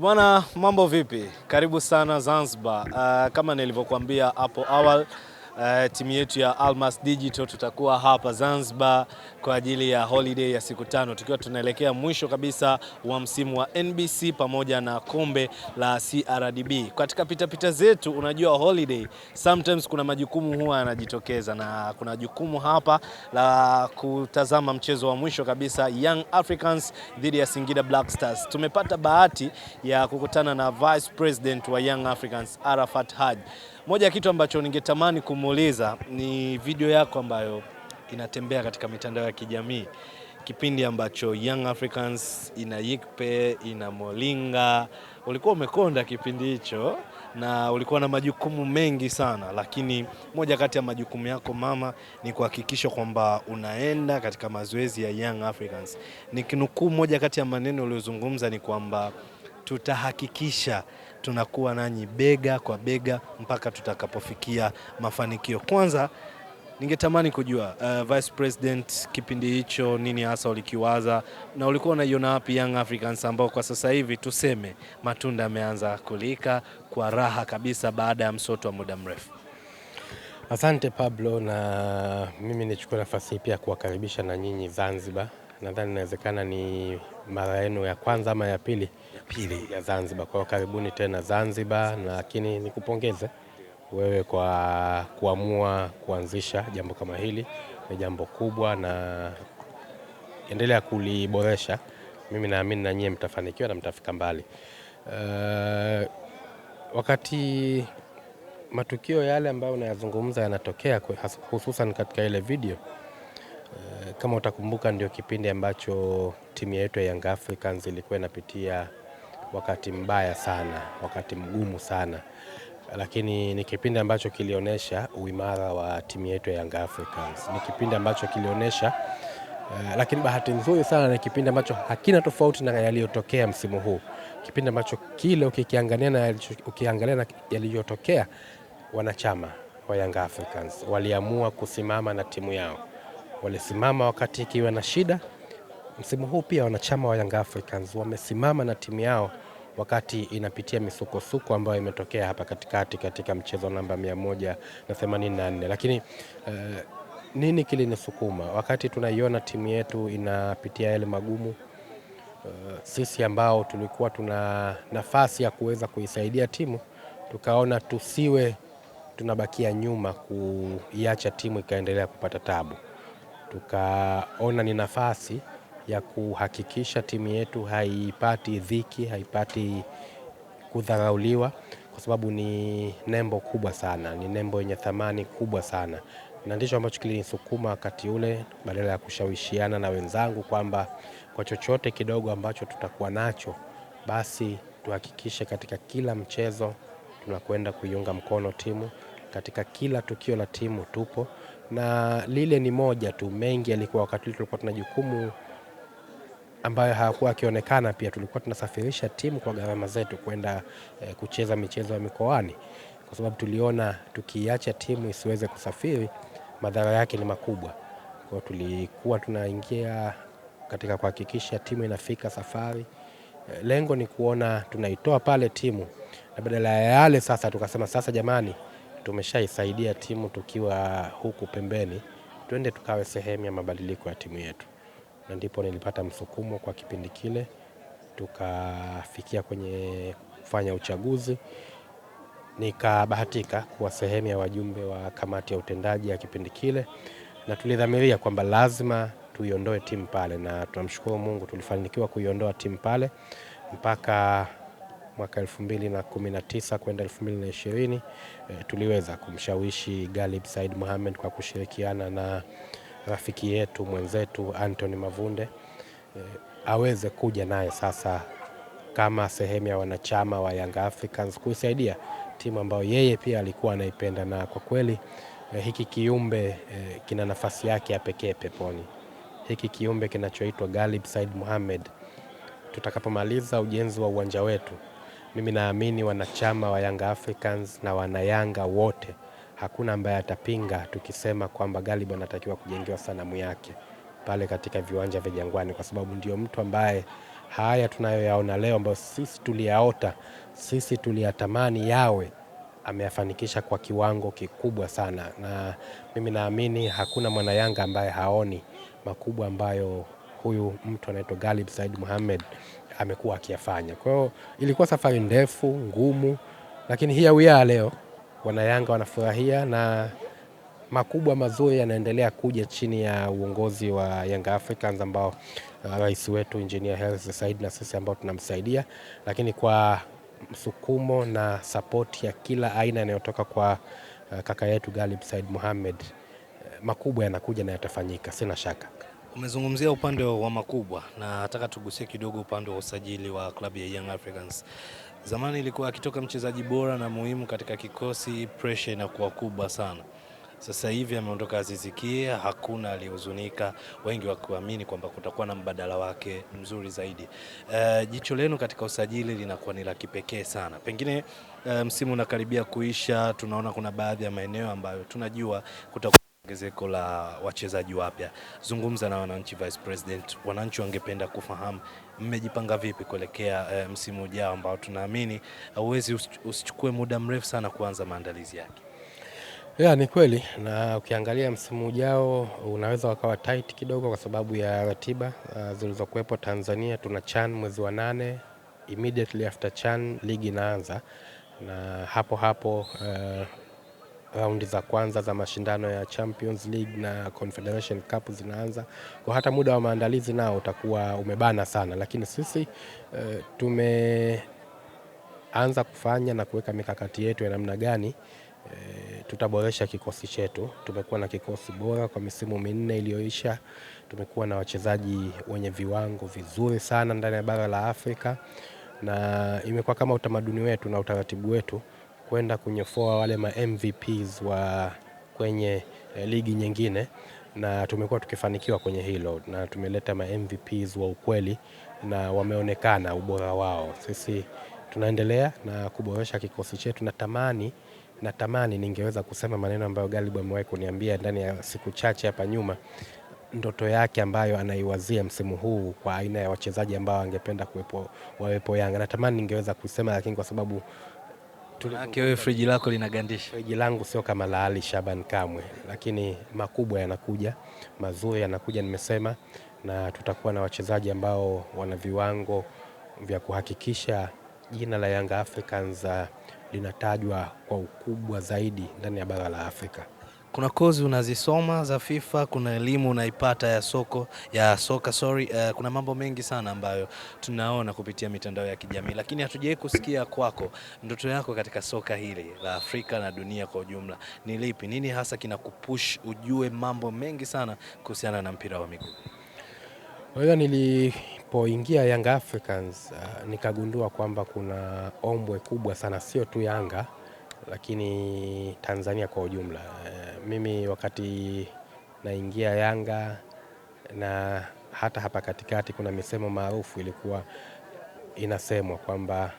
Bwana, mambo vipi? Karibu sana Zanzibar. Uh, kama nilivyokuambia hapo awali Uh, timu yetu ya Almas Digital tutakuwa hapa Zanzibar kwa ajili ya holiday ya siku tano tukiwa tunaelekea mwisho kabisa wa msimu wa NBC pamoja na kombe la CRDB. Katika pitapita zetu, unajua holiday sometimes kuna majukumu huwa yanajitokeza, na kuna jukumu hapa la kutazama mchezo wa mwisho kabisa Young Africans dhidi ya Singida Black Stars. Tumepata bahati ya kukutana na Vice President wa Young Africans Arafat Haji. Moja ya kitu ambacho ningetamani kumuuliza ni video yako ambayo inatembea katika mitandao ya kijamii, kipindi ambacho Young Africans ina Yikpe ina Molinga, ulikuwa umekonda kipindi hicho na ulikuwa na majukumu mengi sana, lakini moja kati ya majukumu yako mama ni kuhakikisha kwamba unaenda katika mazoezi ya Young Africans. Nikinukuu moja kati ya maneno uliyozungumza ni kwamba tutahakikisha tunakuwa nanyi bega kwa bega mpaka tutakapofikia mafanikio. Kwanza ningetamani kujua uh, Vice President, kipindi hicho nini hasa ulikiwaza na ulikuwa unaiona wapi Young Africans ambao kwa sasa hivi tuseme matunda yameanza kulika kwa raha kabisa baada ya msoto wa muda mrefu? Asante Pablo, na mimi nichukue nafasi hii pia kuwakaribisha na nyinyi Zanzibar nadhani inawezekana ni mara yenu ya kwanza ama ya pili ya pili ya Zanzibar. Kwa hiyo karibuni tena Zanzibar, lakini nikupongeze wewe kwa kuamua kuanzisha jambo kama hili. Ni jambo kubwa na endelea kuliboresha. Mimi naamini na nyie mtafanikiwa na mtafika mbali. Uh, wakati matukio yale ambayo unayazungumza yanatokea hususan katika ile video kama utakumbuka, ndio kipindi ambacho timu yetu ya Young Africans ilikuwa inapitia wakati mbaya sana, wakati mgumu sana, lakini ni kipindi ambacho kilionyesha uimara wa timu yetu ya Young Africans, ni kipindi ambacho kilionyesha Uh, eh, lakini bahati nzuri sana ni kipindi ambacho hakina tofauti na yaliyotokea msimu huu, kipindi ambacho kile ukikiangalia na ukiangalia na yaliyotokea, wanachama wa Young Africans waliamua kusimama na timu yao walisimama wakati ikiwa na shida. Msimu huu pia wanachama wa Young Africans wamesimama na timu yao wakati inapitia misukosuko ambayo imetokea hapa katikati katika mchezo namba 184, lakini uh, nini kilinisukuma wakati tunaiona timu yetu inapitia yale magumu uh, sisi ambao tulikuwa tuna nafasi ya kuweza kuisaidia timu tukaona tusiwe tunabakia nyuma kuiacha timu ikaendelea kupata tabu tukaona ni nafasi ya kuhakikisha timu yetu haipati dhiki, haipati kudharauliwa, kwa sababu ni nembo kubwa sana, ni nembo yenye thamani kubwa sana, na ndicho ambacho kilinisukuma wakati ule, badala ya kushawishiana na wenzangu kwamba kwa chochote kidogo ambacho tutakuwa nacho, basi tuhakikishe katika kila mchezo tunakwenda kuiunga mkono timu, katika kila tukio la timu tupo na lile ni moja tu, mengi yalikuwa wakati tulikuwa tuna jukumu ambayo hayakuwa akionekana. Pia tulikuwa tunasafirisha timu kwa gharama zetu kwenda e, kucheza michezo ya mikoani, kwa sababu tuliona tukiacha timu isiweze kusafiri madhara yake ni makubwa. Kwa tulikuwa tunaingia katika kuhakikisha timu inafika safari. Eh, lengo ni kuona tunaitoa pale timu na badala ya yale sasa tukasema sasa, jamani tumeshaisaidia timu tukiwa huku pembeni, twende tukawe sehemu ya mabadiliko ya timu yetu, na ndipo nilipata msukumo kwa kipindi kile, tukafikia kwenye kufanya uchaguzi, nikabahatika kuwa sehemu ya wajumbe wa kamati ya utendaji ya kipindi kile, na tulidhamiria kwamba lazima tuiondoe timu pale, na tunamshukuru Mungu tulifanikiwa kuiondoa timu pale mpaka mwaka 2019 kwenda 2020 e, tuliweza kumshawishi Galib Said Mohamed kwa kushirikiana na rafiki yetu mwenzetu Anthony Mavunde e, aweze kuja naye sasa kama sehemu ya wanachama wa Young Africans kuisaidia timu ambayo yeye pia alikuwa anaipenda, na kwa kweli eh, hiki kiumbe eh, kina nafasi yake ya pekee peponi. Hiki kiumbe kinachoitwa Galib Said Mohamed, tutakapomaliza ujenzi wa uwanja wetu mimi naamini wanachama wa Young Africans na wanayanga wote, hakuna ambaye atapinga tukisema kwamba Garibu anatakiwa kujengewa sanamu yake pale katika viwanja vya Jangwani, kwa sababu ndio mtu ambaye haya tunayoyaona leo ambayo sisi tuliyaota, sisi tuliyatamani yawe ameyafanikisha kwa kiwango kikubwa sana, na mimi naamini hakuna mwanayanga ambaye haoni makubwa ambayo huyu mtu anaitwa Galib Said Mohamed amekuwa akiyafanya. Kwa hiyo ilikuwa safari ndefu ngumu, lakini hii we leo, wanayanga wanafurahia na makubwa mazuri yanaendelea kuja chini ya uongozi wa Young Africans ambao uh, rais wetu Engineer Hersi Said na sisi ambao tunamsaidia, lakini kwa msukumo na sapoti ya kila aina inayotoka kwa uh, kaka yetu Galib Said Mohamed, uh, makubwa yanakuja na yatafanyika, sina shaka. Umezungumzia upande wa makubwa na nataka tugusie kidogo upande wa usajili wa klabu ya Young Africans. Zamani ilikuwa akitoka mchezaji bora na muhimu katika kikosi, pressure inakuwa kubwa sana. Sasa hivi ameondoka azizikie hakuna aliyehuzunika, wengi wakiamini kwamba kutakuwa na mbadala wake mzuri zaidi. Uh, jicho lenu katika usajili linakuwa ni la kipekee sana. Pengine uh, msimu unakaribia kuisha, tunaona kuna baadhi ya maeneo ambayo tunajua kutakuwa Ongezeko la wachezaji wapya, zungumza na wananchi Vice President. Wananchi wangependa kufahamu mmejipanga vipi kuelekea e, msimu ujao ambao tunaamini eh, uwezi usichukue muda mrefu sana kuanza maandalizi yake. Ya, ni kweli na ukiangalia msimu ujao unaweza wakawa tight kidogo kwa sababu ya ratiba uh, zilizokuwepo Tanzania. Tuna CHAN mwezi wa nane, immediately after CHAN ligi inaanza na hapo hapo uh, raundi za kwanza za mashindano ya Champions League na Confederation Cup zinaanza, kwa hata muda wa maandalizi nao utakuwa umebana sana, lakini sisi uh, tumeanza kufanya na kuweka mikakati yetu ya namna gani E, tutaboresha kikosi chetu. Tumekuwa na kikosi bora kwa misimu minne iliyoisha. Tumekuwa na wachezaji wenye viwango vizuri sana ndani ya bara la Afrika, na imekuwa kama utamaduni wetu na utaratibu wetu kwenda kunyofoa wale ma MVPs wa kwenye eh, ligi nyingine, na tumekuwa tukifanikiwa kwenye hilo, na tumeleta ma MVPs wa ukweli na wameonekana ubora wao. Sisi tunaendelea na kuboresha kikosi chetu, na tamani natamani ningeweza kusema maneno ambayo Galibu amewahi kuniambia ndani ya siku chache hapa nyuma, ndoto yake ambayo anaiwazia msimu huu kwa aina ya wachezaji ambao angependa kuwepo wawepo Yanga. Natamani ningeweza kusema, lakini kwa sababu Maanake wewe friji lako linagandisha. Friji langu sio kama la Ali Shaban kamwe, lakini makubwa yanakuja, mazuri yanakuja, nimesema, na tutakuwa na wachezaji ambao wana viwango vya kuhakikisha jina la Young Africans ah, linatajwa kwa ukubwa zaidi ndani ya bara la Afrika kuna kozi unazisoma za FIFA, kuna elimu unaipata ya soko ya soka sorry. Uh, kuna mambo mengi sana ambayo tunaona kupitia mitandao ya kijamii, lakini hatujawahi kusikia kwako. Ndoto yako katika soka hili la Afrika na dunia kwa ujumla ni lipi? Nini hasa kinakupush ujue mambo mengi sana kuhusiana na mpira wa miguu? Kwanza nilipoingia Young Africans uh, nikagundua kwamba kuna ombwe kubwa sana, sio tu Yanga lakini Tanzania kwa ujumla uh, mimi wakati naingia Yanga na hata hapa katikati kuna misemo maarufu ilikuwa inasemwa kwamba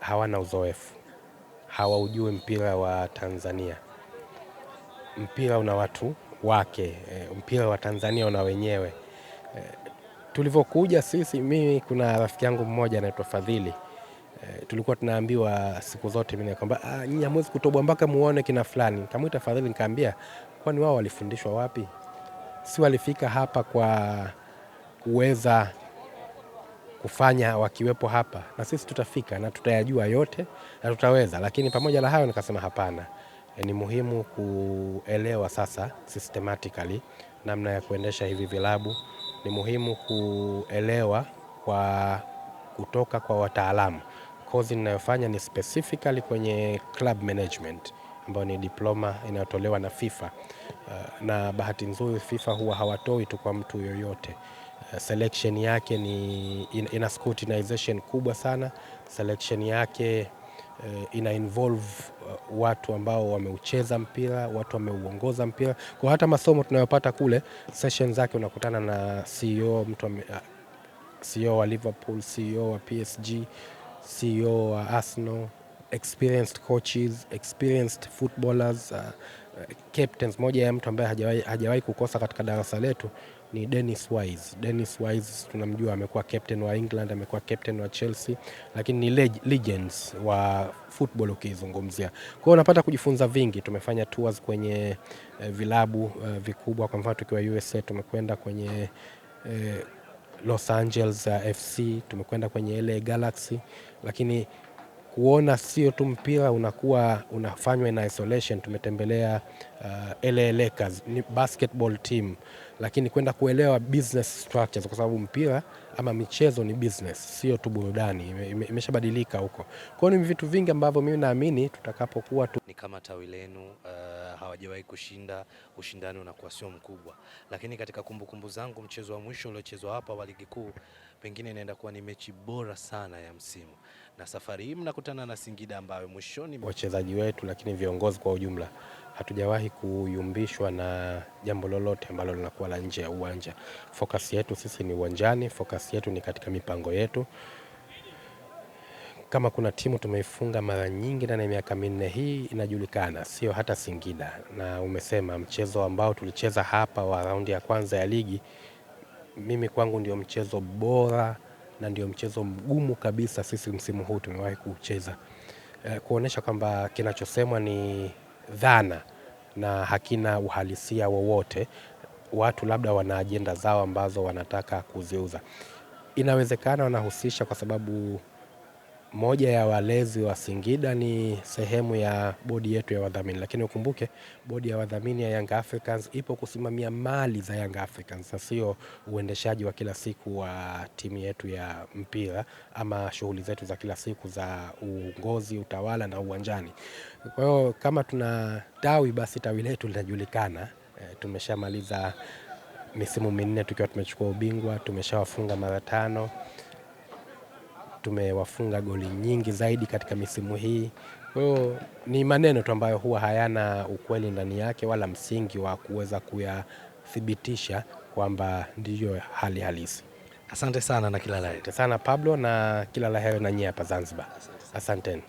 hawana uzoefu, hawaujui mpira wa Tanzania. Mpira una watu wake, eh, mpira wa Tanzania una wenyewe. Eh, tulivyokuja sisi, mimi kuna rafiki yangu mmoja anaitwa Fadhili. Eh, tulikuwa tunaambiwa siku zote mimi kwamba ah, nyinyi hamwezi kutoboa mpaka muone kina fulani. Nikamwita Fadhili nikaambia kwani wao walifundishwa wapi? Si walifika hapa kwa kuweza kufanya wakiwepo hapa, na sisi tutafika na tutayajua yote na tutaweza. Lakini pamoja na hayo nikasema hapana, e, ni muhimu kuelewa sasa systematically namna ya kuendesha hivi vilabu. Ni muhimu kuelewa kwa kutoka kwa wataalamu kozi ninayofanya ni specifically kwenye club management ambayo ni diploma inayotolewa na FIFA. Uh, na bahati nzuri FIFA huwa hawatoi tu kwa mtu yoyote. Uh, selection yake ni in, ina scrutinization kubwa sana. Selection yake uh, ina involve uh, watu ambao wameucheza mpira, watu wameuongoza mpira. Kwa hata masomo tunayopata kule session zake unakutana na CEO mtu uh, CEO wa Liverpool, CEO wa PSG CEO uh, Arsenal, experienced coaches, experienced footballers, uh, uh captains. Moja ya mtu ambaye hajawahi, hajawahi kukosa katika darasa letu ni Dennis Wise. Dennis Wise tunamjua, amekuwa captain wa England, amekuwa captain wa Chelsea, lakini ni leg legends wa football ukiizungumzia. Kwa hiyo unapata kujifunza vingi. Tumefanya tours kwenye eh, vilabu eh, vikubwa. Kwa mfano tukiwa USA tumekwenda kwenye eh, Los Angeles eh, FC, tumekwenda kwenye ile Galaxy, lakini kuona sio tu mpira unakuwa unafanywa in isolation. Tumetembelea uh, LA Lakers ni basketball team, lakini kwenda kuelewa business structures, kwa sababu mpira ama michezo ni business, sio tu burudani, imeshabadilika huko. Kwa ni vitu vingi ambavyo mimi naamini tutakapokuwa tu... ni kama tawi lenu uh, hawajawahi kushinda, ushindani unakuwa sio mkubwa, lakini katika kumbukumbu zangu mchezo wa mwisho uliochezwa hapa wa ligi kuu pengine inaenda kuwa ni mechi bora sana ya msimu na safari hii mnakutana na Singida ambayo mwishoni, wachezaji wetu lakini viongozi kwa ujumla, hatujawahi kuyumbishwa na jambo lolote ambalo linakuwa la nje ya uwanja. Focus yetu sisi ni uwanjani, focus yetu ni katika mipango yetu. Kama kuna timu tumeifunga mara nyingi ndani ya miaka minne hii inajulikana, sio hata Singida. Na umesema mchezo ambao tulicheza hapa wa raundi ya kwanza ya ligi, mimi kwangu ndio mchezo bora na ndio mchezo mgumu kabisa sisi msimu huu tumewahi kucheza, eh, kuonesha kwamba kinachosemwa ni dhana na hakina uhalisia wowote. Watu labda wana ajenda zao ambazo wanataka kuziuza, inawezekana wanahusisha kwa sababu moja ya walezi wa Singida ni sehemu ya bodi yetu ya wadhamini, lakini ukumbuke bodi ya wadhamini ya Young Africans ipo kusimamia mali za Young Africans na sio uendeshaji wa kila siku wa timu yetu ya mpira ama shughuli zetu za kila siku za uongozi, utawala na uwanjani. Kwa hiyo kama tuna tawi, basi tawi letu linajulikana. E, tumeshamaliza misimu minne tukiwa tumechukua ubingwa, tumeshawafunga mara tano tumewafunga goli nyingi zaidi katika misimu hii. Kwa hiyo ni maneno tu ambayo huwa hayana ukweli ndani yake wala msingi wa kuweza kuyathibitisha kwamba ndiyo hali halisi. Asante sana na kila la heri. Asante sana Pablo, na kila la heri na nyie hapa Zanzibar. Asanteni.